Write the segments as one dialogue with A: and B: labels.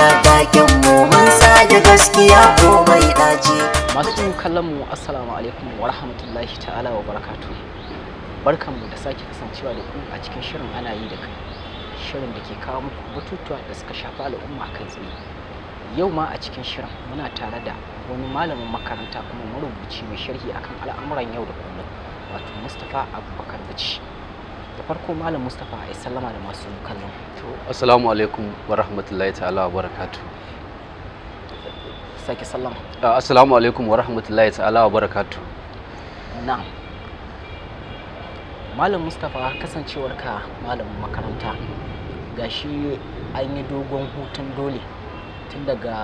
A: gaskiya bakin mu sa gaskiya daji masu kallon assalamu alaikum wa rahmatullahi ta'ala wa barakatu barkan mu da sake kasancewa da ku a cikin shirin ana yi da kai shirin da ke kawo muku batutuwa da suka shafa al'umma kai tsaye yau ma a cikin shirin muna tare da wani malamin makaranta kuma marubuci mai sharhi akan al'amuran yau da kullum wato mustapha abubakar bici da farko malam mustapha a sallama da masu kallon to
B: assalamu alaikum wa rahmatullahi ta'ala wa barakatu sake sallama assalamu alaikum wa rahmatullahi ta'ala wa barakatu
A: na'am malam mustapha kasancewarka malamin makaranta gashi an yi dogon hutun dole tun daga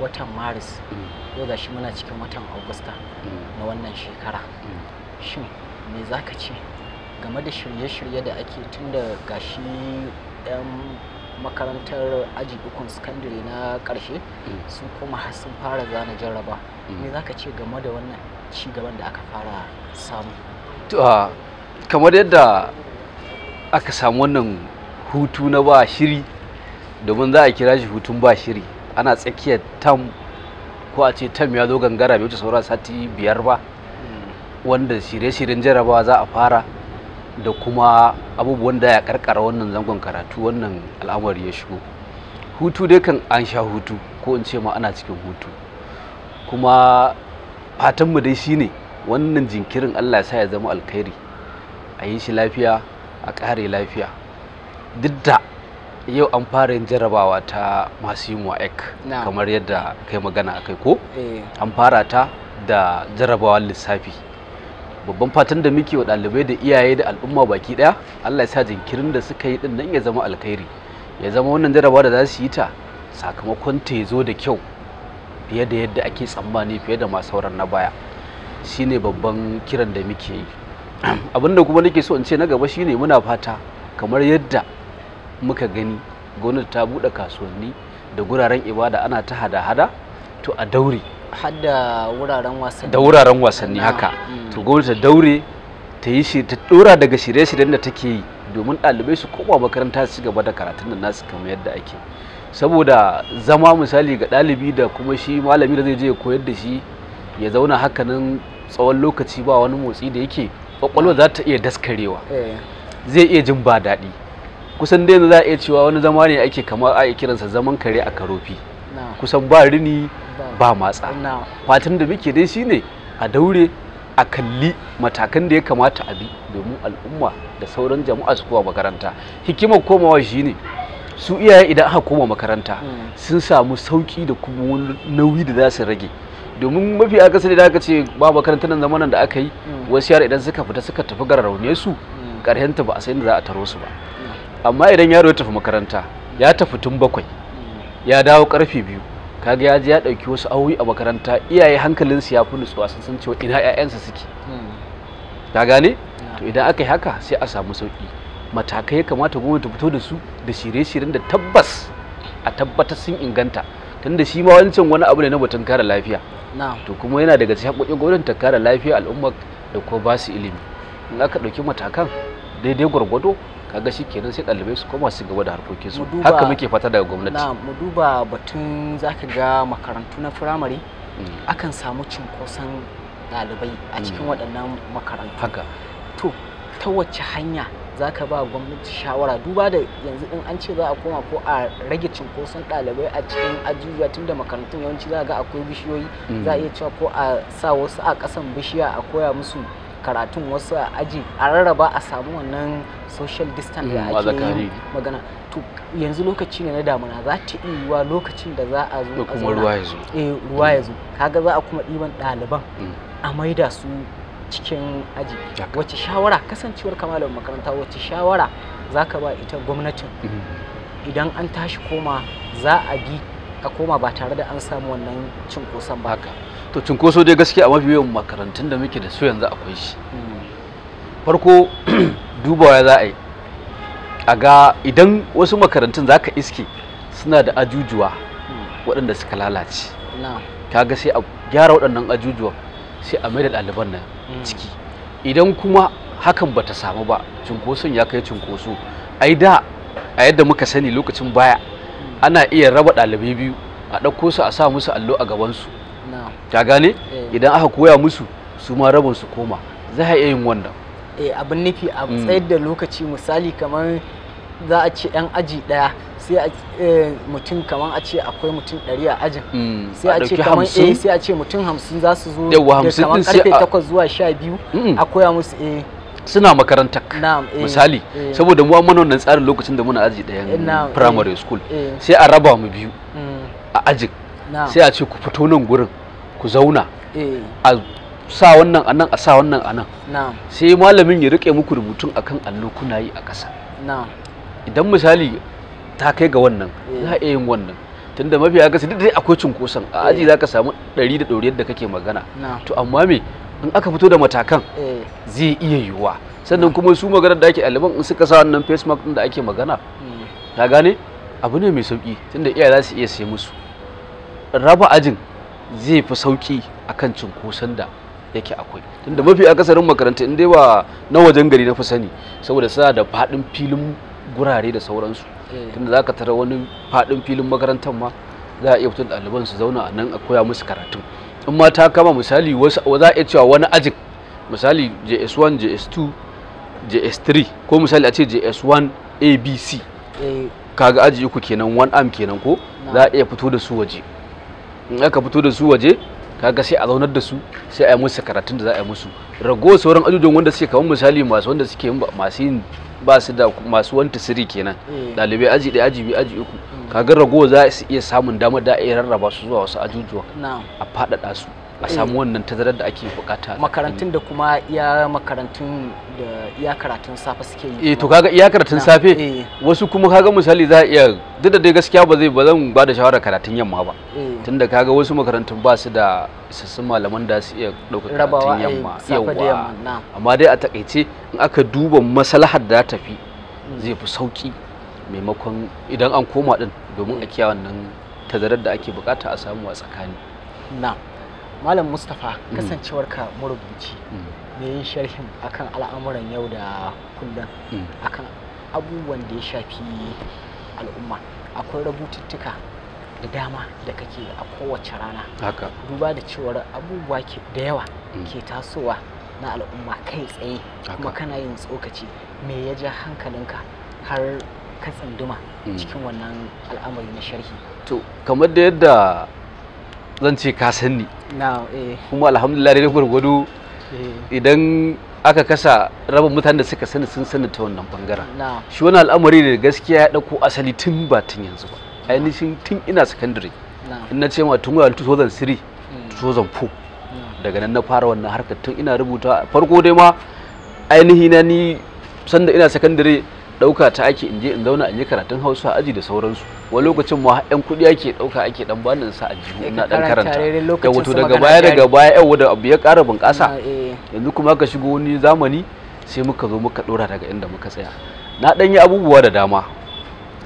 A: watan maris mm. yau shi muna cikin watan augusta mm. na wannan shekara mm. shin me za ka ce game da shirye-shirye da ake tun da gashi 'yan makarantar aji ukun sakandare na karshe mm. sun koma har sun fara zana jaraba ne mm. za ka ce game da wannan cigaban da aka fara samu
B: kamar yadda aka samu wannan hutu na ba shiri domin za a kira shi hutun ba shiri ana tsakiyar tam ko a ce tam ya zo gangara bai wuce saura sati biyar ba mm. wanda shirye-shiryen jarrabawa za a fara da kuma abubuwan da ya karkara wannan zangon karatu wannan al'amari ya shigo hutu dai kan an sha hutu ko in ce ma ana cikin hutu kuma fatanmu dai shine wannan jinkirin allah sa ya zama alkhairi a yi shi lafiya a kare lafiya duk da yau an fara yin jarabawa ta masu yin wa'ek kamar yadda kai magana kai ko eh. an fara ta da jarabawar lissafi babban fatan da muke wa ɗalibai da iyaye da al'umma baki ɗaya allah ya sa jinkirin da suka yi ɗin nan ya zama alkhairi ya zama wannan jarabawa da za su yi ta sakamakon ta ya zo da kyau fiye da yadda ake tsammani fiye da masu sauran na baya shine babban kiran da muke yi abin da kuma nake so in ce na gaba shine muna fata kamar yadda muka gani gwamnati ta buɗe kasuwanni da guraren ibada ana ta hada-hada to a daure
A: da wuraren
B: wasanni haka mm. to gwamnati ta daure ta yi shi ta dora daga shirye-shiryen da take yi domin ɗalibai su koma makaranta su gaba da karatun da nasu kamar yadda ake saboda zama misali ga ɗalibi da kuma shi malami da zai je koyar da shi ya zauna haka nan tsawon lokaci ba wani motsi da yake kwakwalwa za ta iya daskarewa eh. zai iya jin ba daɗi kusan dai za a iya cewa wani zama ne ake kamar a kiransa zaman kare a karofi kusan ba rini ba matsa fatan da muke dai shine a daure a kalli matakan da ya kamata a bi domin al'umma da sauran jama'a su kowa makaranta hikimar komawa shi ne su iyaye idan aka koma makaranta mm. sun samu sauki da kuma wani nauyi da za su rage domin mafi akasari da aka ce ba makarantar nan da aka yi mm. wasu yara idan suka fita suka tafi gara raune su karyanta mm. ba a san da za a taro su ba amma idan yaro ya tafi makaranta ya tafi tun bakwai ya dawo karfe biyu kaga ya je ya dauki wasu awoyi a makaranta iyaye hankalinsu ya fi nutsuwa sun san cewa ina su suke
A: hmm.
B: ka gane to idan aka yi haka sai a samu sauki matakai ya kamata gwamnati fito da su da shirye-shiryen da tabbas a tabbatar sun inganta tunda shi ma wancan wani abu ne na batun kare lafiya to kuma yana daga cikin haƙoƙin gwamnati ta kare lafiya al'umma da kuma ba su ilimi in aka ɗauki matakan daidai gwargwado kaga shi kenan sai ɗalibai su koma su gaba da harkokin su haka muke fata daga gwamnati na
A: mu duba batun zaka ga makarantu na firamare mm. akan samu cinkoson ɗalibai a mm. cikin waɗannan makarantu haka to ta wacce hanya zaka ba gwamnati shawara duba da yanzu in an ce za a koma ko a rage cinkoson ɗalibai a cikin ajujuwa tun da makarantun yawanci za ga akwai bishiyoyi mm. za a iya cewa ko a sa wasu a kasan bishiya a koya musu karatun wasu a aji a rarraba a samu wannan social distance mm, da ake yi magana to yanzu lokaci ne na damuna za ta iya yiwuwa lokacin da za a zo kuma ruwa ya zo eh ruwa ya mm. zo kaga za a kuma ɗiban ɗaliban mm. a maida su cikin aji wace shawara kasancewar kamalar makaranta wace shawara za ka ba ita gwamnatin idan an tashi koma za a bi a koma ba tare da an samu wannan cinkoson ba
B: to cunkoso dai gaskiya a mafi yawan makarantun da muke da su yanzu akwai shi farko dubawa za a yi a ga idan wasu makarantun za ka iske suna da ajujuwa waɗanda suka lalace kaga sai a gyara waɗannan ajujuwa sai a mai da ɗaliban na. Mm. ciki idan kuma hakan ba ta samu ba cunkoson ya kai cunkoso ai da a yadda muka sani lokacin baya mm. ana iya raba ɗalibai biyu a ɗauko su a sa musu allo a gabansu ta gane eh. idan aka koya musu su ma rabin su koma za a iya yin wannan
A: eh abin nufi a mm. tsayar da lokaci misali kamar za a ce yan aji daya sai a eh, mutum kamar a ce akwai mutum ɗari a ajin
B: mm. sai a ce kamar eh sai
A: a ce mutum hamsin za su zo da kamar karfe takwas zuwa sha biyu a koya musu eh
B: suna makarantar eh. misali saboda mu amma wannan tsarin lokacin da muna aji ɗayan primary school sai a raba mu biyu mm. a ajin sai a ce ku fito nan gurin ku zauna eh. a sa wannan anan a sa wannan anan sai malamin ya rike muku rubutun akan allo kuna yi a ƙasa idan misali ta kai ga wannan eh. za a yin wannan tunda mafi akasi duk dai akwai cunkoson a aji eh. za ka samu ɗari da ɗoriyar da kake magana to amma me in aka fito da matakan zai iya yiwuwa sannan kuma su magana da ake ɗaliban in suka sa wannan face mark ɗin da ake magana hmm. ka gane abu ne mai sauƙi tunda iyaye za su iya sai musu raba ajin zai fi sauki akan cunkoson da yake akwai tunda mafi akasarin makaranta in dai ba na wajen gari na fi sani saboda sa da fadin filin gurare da sauransu eh. tunda za ka tara wani fadin filin makarantar ma za a iya fitar ɗaliban su zauna a nan a koya musu karatu in ma ta kama misali za a iya cewa wani ajin misali js1 js2 js3 ko misali a ce js1 abc eh. kaga aji uku kenan one arm kenan ko za a iya fito da su waje in aka fito da su waje kaga sai a zaunar da su sai a yi musu karatun da za a yi musu rago sauran ajujuwan wanda suke kamar misali masu wanda suke masu yin ba su da masu wanta siri kenan dalibai mm. aji ɗaya aji biyu aji uku kaga rago za su iya samun damar da a iya rarraba su zuwa wasu ajujuwa a faɗaɗa su a samu wannan tazarar da ake bukata makarantun
A: da kuma iya makarantun da iya karatun safe suke yi eh to
B: kaga iya karatun safe eh. wasu kuma kaga misali za iya duk da dai gaskiya ba zai ba zan ba da shawarar karatun yamma ba eh. tunda kaga wasu makarantun ba su da sassan malaman da su iya ɗaukar karatun eh, yamma yawa amma dai a takaice in aka duba maslahar da ta fi hmm. zai fi sauki maimakon idan an koma din domin a kiyaye wannan tazarar da ake bukata a samu a tsakani
A: na'am malam mustapha mm. ka marubuci ne mm. yin sharhin akan al'amuran yau da kullum mm. akan abubuwan da ya shafi al'umma akwai rubututtuka da dama da kake a kowace rana haka duba da cewar abubuwa ke da yawa ke tasowa na al'umma kai tsaye kuma kana yin tsokaci me ya ja hankalinka har ka tsunduma cikin wannan al'amari na sharhi
B: to kamar da yadda zan ce ka san ni eh. kuma alhamdulillah dai gwargwado eh. idan aka kasa rabin mutanen da suka sani sun sani ta wannan bangaren shi wani al'amari da gaskiya ya dauko asali tun ba tun yanzu ba ainihin tun ina secondary in na ce ma tun wa 2003 2004 daga nan na fara wannan harkar tun ina rubuta farko dai ma ainihi na ni sanda ina secondary ɗauka ta ake in je in zauna in yi karatun hausa aji da sauransu wani lokacin ma yan kuɗi ake ɗauka ake dan bani sa a jihu ina dan karanta da wato daga baya daga baya yau da abu ya kara bunƙasa ah, eh. yanzu kuma ka shigo wani zamani sai muka zo muka ɗora daga inda muka tsaya na ɗan yi abubuwa da dama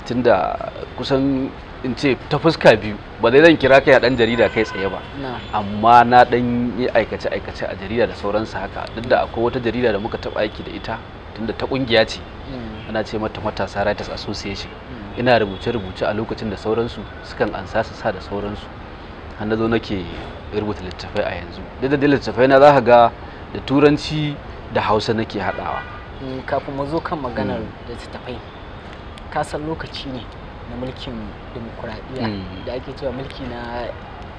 B: tunda kusan in ce ta fuska biyu ba zai zan kira kai a dan jarida kai tsaye ba amma na dan yi aikace aikace a jarida da sauransu haka duk da akwai wata jarida da muka taɓa aiki da ita tunda ta kungiya ce mm. ana ce mata matasa writers association mm. ina rubuce-rubuce a lokacin da sauransu sukan ansa su sa da sauransu har na zo nake rubuta littattafai a yanzu duk da littattafai na za ga da turanci da hausa nake haɗawa
A: mm, kafin mu zo kan maganar littattafai ka san lokaci ne na mulkin demokuraɗiyya da ake cewa mulki na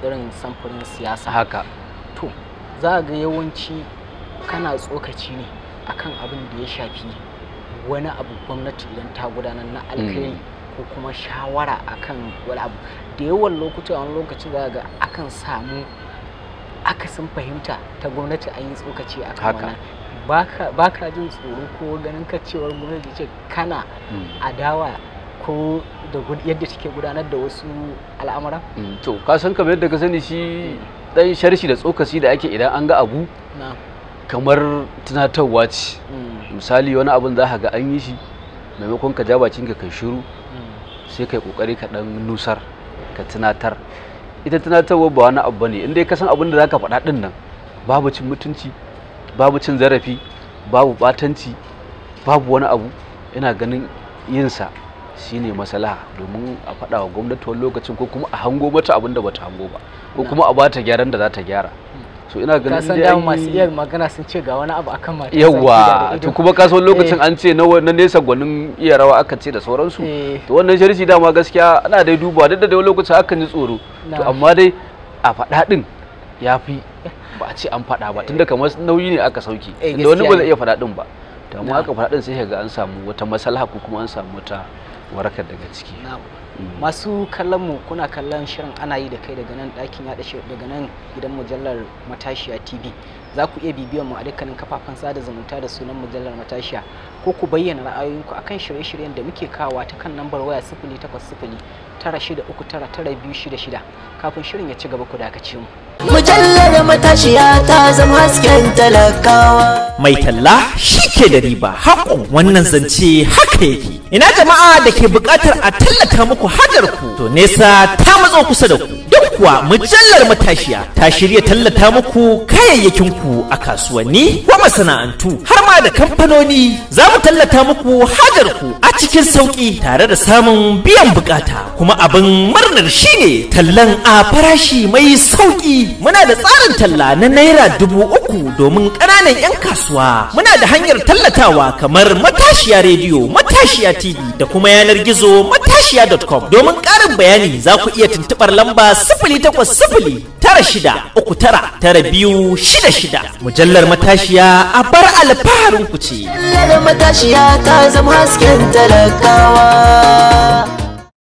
A: irin samfurin siyasa haka to za ga yawanci kana tsokaci ne akan abin da ya shafi wani abu gwamnati idan ta gudanar na alkhairi mm. ko kuma shawara akan wani abu da yawan lokuta wani lokaci za ga akan samu aka sun fahimta ta gwamnati an yi tsokaci a kan ba ka jin tsoro ko ganin kacewar gwamnati ce kana mm. adawa ko da yadda take gudanar da wasu al'amura?
B: Mm, to ka san kamar yadda ka sani shi dan sharshi da tsokaci da ake idan an ga abu kamar tunatarwa ce mm. misali wani abin za ka ga an yi shi maimakon ka ja ka kai shiru mm. sai kai kokari ka dan nusar ka tunatar ita tunatarwa ba wani abu bane indai ka san abin da zaka faɗa din nan babu cin mutunci babu cin zarafi babu batanci babu wani abu ina ganin yinsa sa shine maslaha domin a faɗa wa gwamnati wani lokacin ko kuma a hango mata abin da bata hango ba ko kuma a bata gyaran da za ta gyara so ina ganin kasan da masu iya
A: magana sun ce ga wani abu akan mata yawa to
B: kuma kasan lokacin eh. an ce na nesa gwanin iya rawa aka ce da sauransu eh. to wannan da dama gaskiya ana dai duba duk da wani lokacin akan ji tsoro to amma dai a faɗa din ya fi ba a ce an faɗa ba tunda eh. kamar nauyi ne aka sauki da wani ba zai iya faɗa din ba to amma aka faɗa din sai ga an samu wata masalaha ko kuma an samu wata warakar daga ciki Mm. masu kallon mu kuna
A: kallon shirin ana yi da kai daga nan ɗakin yaɗa shirin daga nan gidan mujallar matashiya tv za ku iya bibiyan mu a dukkanin kafafen sada zumunta da sunan mujallar matashiya ko ku bayyana ra'ayoyinku akan shirye-shiryen da muke kawa ta kan lambar waya sifili takwas sifili tara shida uku tara tara biyu shida shida kafin shirin ya ci gaba ku dakace mu. mujallar matashiya ta zama
C: hasken talakawa. mai talla shi ke da riba haƙo wannan zance haka yake ina jama'a da ke buƙatar a tallata muku hajar ku to nesa ta matso kusa da ku duk kuwa mujallar matashiya ta shirya tallata muku kayayyakin ku a kasuwanni ko masana'antu da kamfanoni za mu tallata muku hajar ku a cikin sauƙi tare da samun biyan bukata kuma abin murnar shine tallan a farashi mai sauƙi muna da tsarin talla na naira dubu uku domin ƙananan 'yan kasuwa muna da hanyar tallatawa kamar matashiya rediyo matashiya tv da kuma yanar gizo matashiya.com domin ƙara ƙarin bayani za ku iya tuntuɓar lamba sifili takwas sifili tara shida uku tara tara biyu shida shida mujallar matashiya a bar alfaharin ku ce.
A: Mujallar zama
C: hasken talakawa.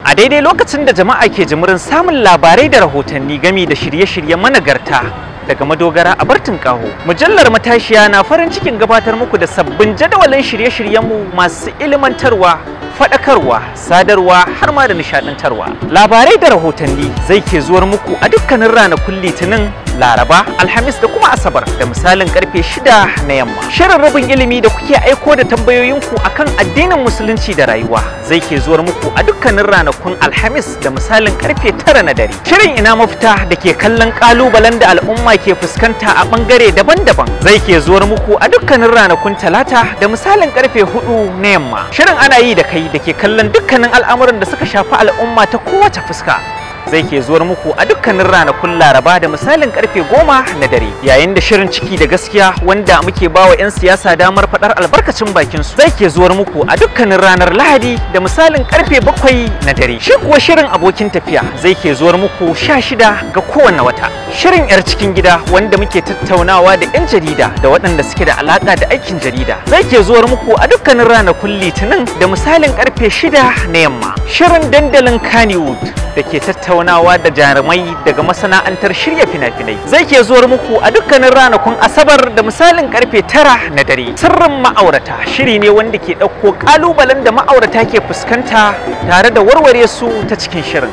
C: A daidai lokacin da jama'a ke jimirin samun labarai da rahotanni gami da shirye-shiryen managarta daga madogara a Bartin Kaho. Mujallar Matashiya na farin cikin gabatar muku da sabbin jadawalin shirye-shiryenmu masu ilimantarwa, faɗakarwa, sadarwa har ma da nishaɗantarwa. Labarai da rahotanni zai ke zuwar muku a dukkanin ranakun Litinin laraba alhamis da kuma asabar da misalin karfe shida na yamma shirin rabin ilimi da kuke aiko da tambayoyinku akan addinin musulunci da rayuwa zai ke zuwar muku a dukkanin ranakun alhamis da misalin karfe tara na dare shirin ina mafita da ke kallon kalubalen da al'umma ke fuskanta a bangare daban-daban zai ke zuwar muku a dukkanin ranakun talata da misalin karfe hudu na yamma shirin ana yi da kai da ke kallon dukkanin al'amuran da suka shafi al'umma ta kowace fuska zai ke zuwar muku a dukkanin ranakun laraba da misalin karfe goma na dare yayin da shirin ciki da gaskiya wanda muke bawa 'yan siyasa damar faɗar albarkacin bakin su zai ke zuwar muku a dukkanin ranar lahadi da misalin karfe bakwai na dare shi kuwa shirin abokin tafiya zai ke zuwar muku sha shida ga kowane wata shirin 'yar cikin gida wanda muke tattaunawa da 'yan jarida da waɗanda suke da alaƙa da aikin jarida zai ke zuwar muku a dukkanin ranakun litinin da misalin karfe shida na yamma shirin dandalin kannywood da ke tattaunawa tattaunawa da jarumai daga masana'antar shirya fina-finai zai ke zuwar muku a dukkanin ranakun asabar da misalin karfe tara na dare sirrin ma'aurata shiri ne wanda ke ɗauko ƙalubalen da ma'aurata ke fuskanta tare da warware su ta cikin shirin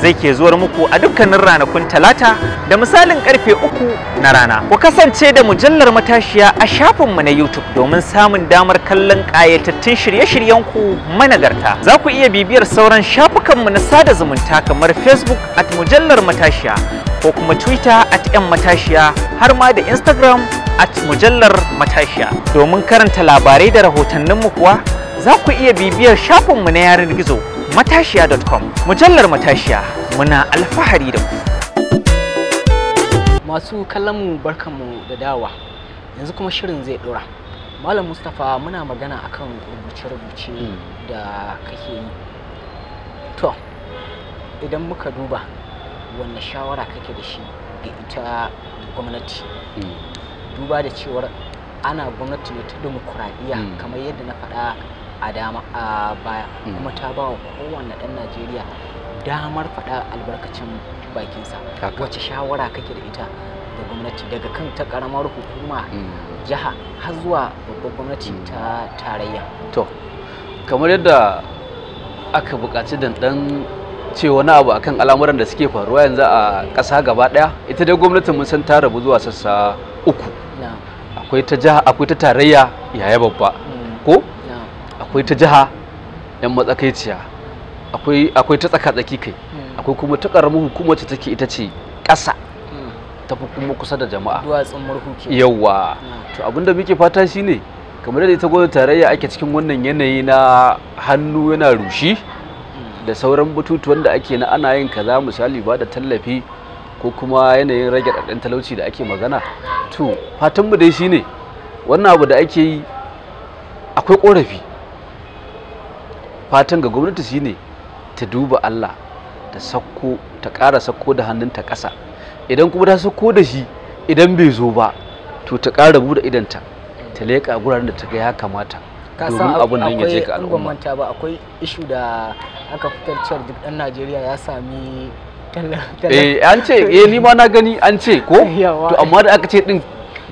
C: zai ke zuwar muku a dukkanin ranakun talata da misalin karfe uku na rana. Ku kasance da mujallar matashiya a shafinmu na YouTube domin samun damar kallon ƙayatattun shirye-shiryenku managarta. Za ku iya bibiyar sauran shafukanmu na sada zumunta kamar Facebook at mujallar matashiya ko kuma Twitter at 'yan matashiya har ma da Instagram at mujallar matashiya. Domin karanta labarai da rahotanninmu kuwa za ku iya bibiyar shafinmu na yanar gizo matashiya.com mujallar matashiya muna alfahari da ku
A: masu kallonmu barkanmu da dawa yanzu kuma shirin zai dora malam mustapha muna magana akan rubuce-rubuce hmm. da kake yi to idan muka duba wanne shawara kake da shi ga ita gwamnati hmm. duba da cewar ana gwamnati ne ta dimokuraɗiyya hmm. kamar yadda na faɗa a dama a baya hmm. kuma ta ba wa kowanne ɗan najeriya damar faɗa albarkacin bakinsa wace shawara kake da ita da gwamnati daga kan ta karamar hukuma hmm. jiha har zuwa babbar gwamnati hmm. ta tarayya
B: to kamar yadda aka buƙaci dandan ce wani abu akan al'amuran da suke faruwa yanzu a ƙasa gaba ɗaya ita dai gwamnatin mun san ta rabu zuwa sassa uku akwai ta jiha akwai ta tarayya yaya babba ko akwai ta jiha yan matsakaiciya akwai ta tsaka-tsaki kai hmm. akwai kuma ta ƙaramin hukumar ce take ita ce ƙasa hmm. ta fi kuma kusa da jama'a
A: duwatsun murhu ke yawa
B: hmm. to abinda muke fata shine kamar da ita gwamnati tarayya ake cikin wannan yanayi na hannu yana rushi da sauran bututuwan da ake na ana yin kaza misali ba da tallafi ko kuma yanayin rage ɗaɗɗen talauci da ake magana to fatanmu dai shine wannan abu da ake yi akwai ƙorafi fatan ga gwamnati shine ta duba Allah ta sakko ta ƙara sakko da hannunta ƙasa idan kuma ta sakko da shi idan bai zo ba to ta ƙara buɗe idanta ta leƙa guraren da ta ga ya kamata domin abun nan ya je ga al'umma
A: manta ba akwai ishu da aka fitar cewar duk ɗan Najeriya ya sami
B: eh an ce eh ni ma na gani an ce ko to amma da aka ce din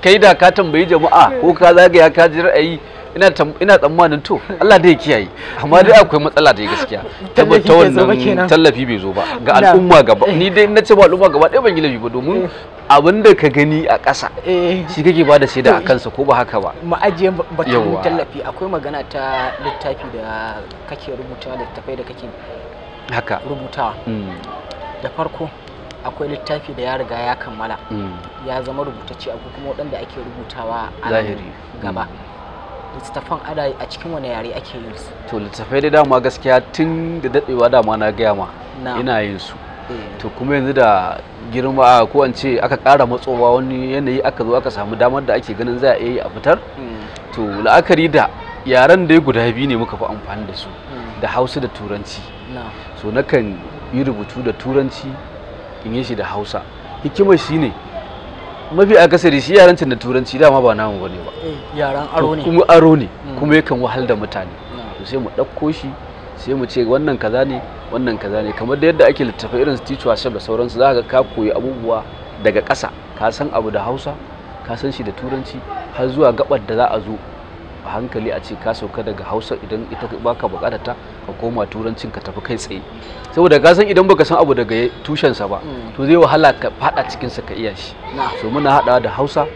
B: kai da ka tambayi jama'a ko ka zagaya ka ji ra'ayi ina ina tsammanin to Allah dai ya kiyaye amma dai akwai matsala da gaskiya tabbata wannan tallafi bai zo ba ga al'umma gaba ni dai na ce ba al'umma gaba ɗaya ban yi laifi ba domin abin da ka gani a ƙasa eh. shi kake ba da shaida a kansa ko ba haka ba
A: ma'ajiyar batun tallafi akwai magana ta littafi da kake rubuta littafai da kake
B: haka rubutawa mm.
A: da farko akwai littafi da ya riga ya kammala mm. ya zama rubutacce akwai kuma waɗanda ake rubutawa a zahiri gaba mm. littattafan ada a cikin wani yare ake yin su
B: to littattafai da dama gaskiya tun da dadewa dama na gaya ma ina yin su eh. to kuma yanzu da girma ko an ce aka ƙara matsowa wani yanayi aka zo aka samu damar da ake ganin za a iya yi a fitar mm. to la'akari da yaren da ya guda biyu ne muka fi amfani da su mm. da hausa da turanci so nakan yi rubutu da turanci in yi shi da hausa hikimar shi ne mafi a akasari shi yarancin da turanci dama ba namu bane ba
A: eh, yaran aro ne kuma aro ne
B: hmm. kuma yakan wahal da mutane hmm. to sai mu ɗauko shi sai mu ce wannan kaza ne wannan kaza ne kamar da yadda ake littafa irin su teacher shop da sauransu za ka ka koyi abubuwa daga kasa ka san abu da Hausa ka san shi da turanci har zuwa gabar da za a zo a hankali a ce ka sauka daga Hausa idan ita baka bukatar ka koma turancin ka tafi kai tsaye saboda ka san idan baka san abu daga tushensa ba mm. to zai wahala ka fada cikin sa ka iya shi so muna hadawa da Hausa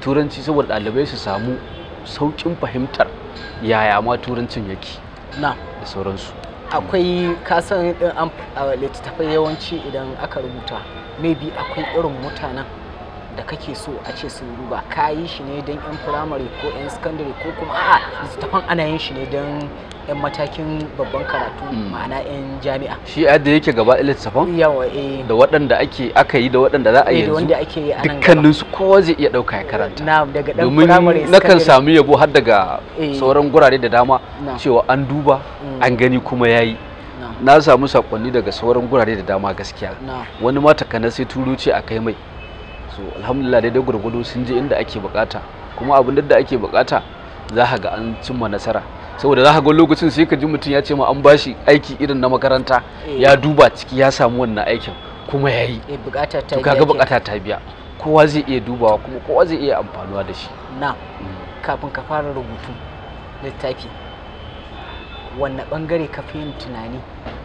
B: turanci saboda dalibai su samu saukin fahimtar yaya ma turancin yake da sauransu
A: akwai kasan eh, littattafai yawanci idan aka rubuta maybe akwai irin mutanen da kake so a ce sun duba ka yi shi ne don 'yan firamare ko 'yan secondary ko kuma a littattafan ana yin shi ne don 'yan matakin babban karatu hmm. ma'ana 'yan jami'a
B: shi a da yake gaba littattafan yawa eh da waɗanda ake aka yi da waɗanda za a eh, yi wanda ake
A: yi dukkanin
B: su kowa zai iya ɗauka ya karanta
A: na daga dan firamare domin nakan samu
B: yabo har daga eh. sauran gurare da dama cewa an duba hmm. an gani kuma yayi na samu sakonni daga sauran gurare da dama gaskiya wani ma takana sai turuci a kai mai so alhamdulillah daidai gwargwado sun je inda ake bukata kuma abin da ake bukata za ka ga an cimma nasara saboda za ka ga lokacin sai ka ji mutum ya ce ma an bashi aiki irin na makaranta eh. ya duba ciki ya samu wannan aikin kuma ya yi eh, kaga bukata ta biya kowa zai iya dubawa kuma kowa zai iya amfanuwa da shi
A: na mm. kafin ka fara rubutu littafi wanne bangare ka fi yin tunani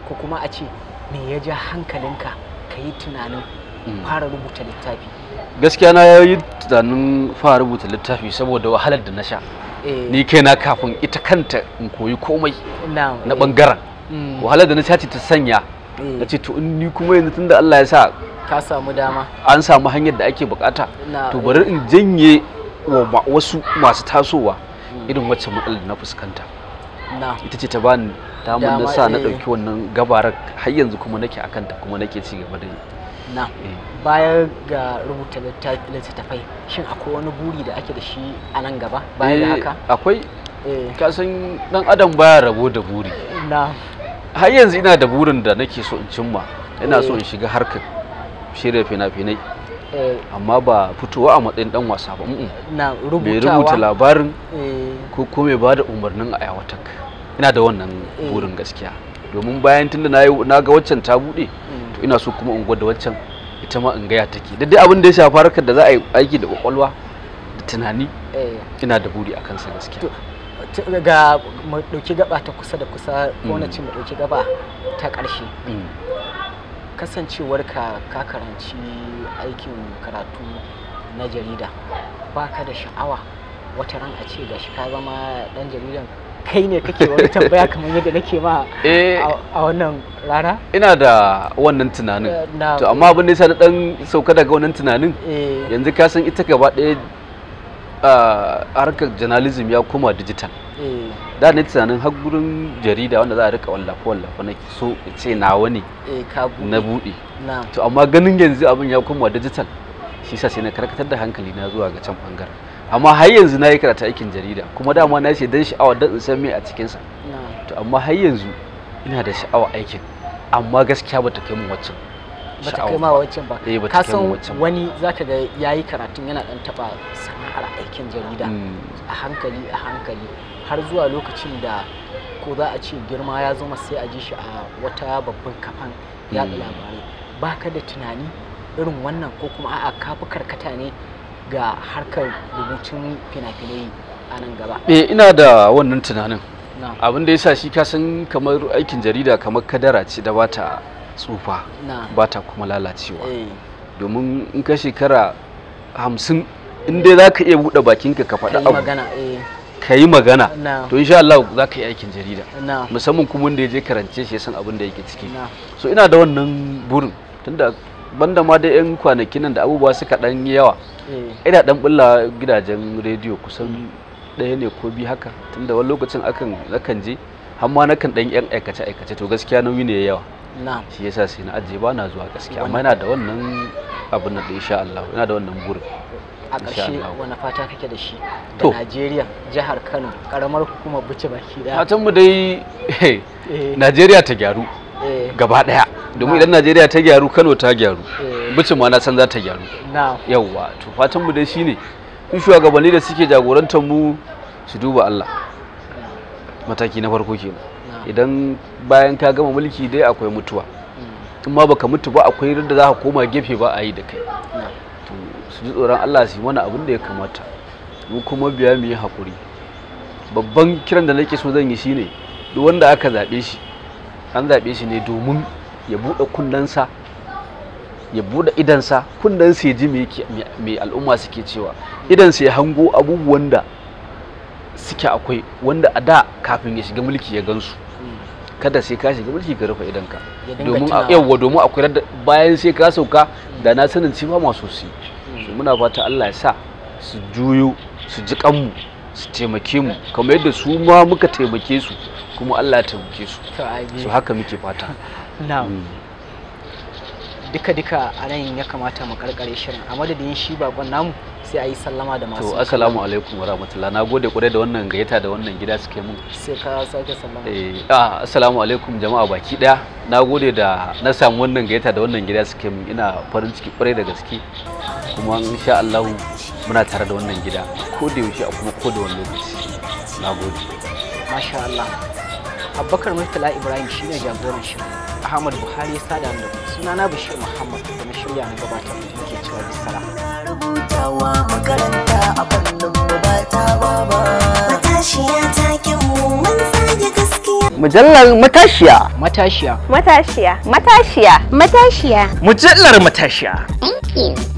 A: ko kuma a ce me ya ja hankalinka ka yi tunanin mm. fara rubuta littafi
B: gaskiya na yi tunanin fara rubuta littafi saboda wahalar da na sha eh. ni kaina kafin ita kanta in koyi komai
A: na bangaren mm.
B: wahalar da na sha ta sanya eh. na ce to in ni kuma yanzu tunda Allah ya sa
A: ka samu dama
B: an samu hanyar da ake bukata to bari in janye wa wasu masu tasowa irin wacce matsalar na fuskanta ita ce ta bani damar na sa na eh. ɗauki wannan gabarar har yanzu kuma nake akanta kuma nake ci gaba da yi na mm.
A: baya ga rubuta littattafai shin akwai wani buri da ake da shi a nan gaba baya da eh, haka
B: akwai eh. kasan dan adam baya rabo da buri na har yanzu ina da burin da nake so in cimma ina so in eh. shiga harkar shirya fina-finai amma ba fitowa a matsayin dan wasa ba
A: na mai rubuta labarin
B: ko kuma mai bada umarnin a yawatak ina da wannan burin gaskiya domin bayan tunda na ga waccan ta bude mm. to ina so kuma in gwada waccan ita ma in gaya take da dai abin da ya shafa harkar da za a yi aiki da kwakwalwa da tunani eh. ina da buri a kansa gaskiya
A: ga mu dauki gaba ta kusa da kusa ko na ce mu dauki gaba ta ƙarshe mm. kasancewarka ka karanci aikin karatu na jarida baka da sha'awa wata ran a ce gashi ka zama dan jaridan kai ne kake wani tambaya kamar yadda nake ma a eh. wannan rana
B: ina da wannan tunanin eh, to amma abin da yasa na dan sauka daga wannan tunanin eh. yanzu ka san ita gaba ɗaya harkar journalism ya koma digital da ne tunanin har gurin jarida wanda za a rika wallafa wallafa na so ce nawa ne na buɗe to amma ganin yanzu abin ya koma digital shi sa sai na karkatar da hankali na zuwa ga can bangaren amma har yanzu na yi karatu aikin jarida kuma dama na ce dan sha'awa dan in san me a cikinsa to amma har yanzu ina da sha'awa aikin amma gaskiya bata kai mun waccan bata kai ma
A: waccan ba eh, ka san wani zaka ga yayi karatun yana dan taba sana'ar aikin jarida hmm. a hankali a hankali har zuwa lokacin da ko za a ce girma ya zama sai a ji shi a wata babban kafan yaɗa hmm. labarai baka da tunani irin wannan ko kuma a'a kafi karkata ne ga harkar rubutun fina-finai a nan gaba eh
B: ina da wannan tunanin abin da yasa shi san kamar aikin jarida kamar kadara ce da bata tsufa bata kuma lalacewa eh. domin in ka shekara hamsin in dai za ka iya buɗe bakinka ka faɗi abu eh. ka yi magana to insha Allah za ka yi aikin jarida musamman kuma wanda ya je karance shi ya san abin da yake ciki so ina da wannan burin tunda banda ma da yan kwanakin nan da abubuwa suka dan yawa eh. ina dan bulla gidajen rediyo kusan ɗaya ne ko bi haka tunda wani lokacin akan zakan je har ma nakan dan yan aikace aikace to gaskiya nauyi ne yawa shi yasa sai na ajiye ba na zuwa gaskiya amma yana da wannan abin nan insha Allah yana da wannan burin a ƙarshe
A: wani fata kake da shi da Najeriya jihar Kano karamar hukumar buce baki da fatan mu
B: dai eh. Najeriya ta gyaru
A: eh. gaba daya
B: domin idan najeriya ta gyaru kano ta gyaru eh. bicin ma na san za ta gyaru yawwa to fatan mu dai shine in shugabanni da suke jagorantar mu su duba allah mataki na farko kenan idan bayan ka gama mulki dai akwai mutuwa mm. in ma baka mutu ba akwai yadda za ka koma gefe ba a yi da kai to su ji tsoron allah su yi mana abin da ya kamata mu kuma biya mu yi hakuri babban kiran da nake so zan yi shine duk wanda aka zaɓe shi an zaɓe shi ne domin ya buɗe kundansa ya buɗe idansa kunnensa ya ji me al'umma suke cewa idansa ya hango abubuwan da suke akwai wanda a da kafin ya shiga mulki ya gansu kada sai ka shiga mulki ka rufe idanka domin yawwa domin akwai bayan sai ka sauka da na sanin cewa masu su muna fata Allah ya sa su juyo su ji kanmu su taimake mu kamar yadda su ma muka taimake su kuma Allah ya taimake su su haka muke fata na'am
A: duka-duka mm. a nan ya kamata mu karkare shirin a madadin shi bakon namu sai a yi sallama da
B: masu to assalamu alaikum warahmatullah na gode kwarai da wannan gayyata da wannan gida suke mun sai ka sake sallama eh ah assalamu alaikum jama'a baki daya na gode da na samu wannan gayyata da wannan gida suke mun ina farin ciki kwarai da gaske kuma insha Allah muna tare da wannan gida ko da yaushe a kuma ko da wani lokaci na gode
A: masha Allah Abubakar Murtala Ibrahim shine jagoran shirin Ahmad Buhari ya sada da ku suna na Bashir Muhammad da na shirya na gabatar da ke cewa bisara. Rubutawa makaranta a fannin mu ba ta baba. Matashiya taken mu mun sanya
C: gaskiya. Mujallar matashiya. Matashiya.
A: Matashiya. Matashiya. Matashiya. Mujallar matashiya.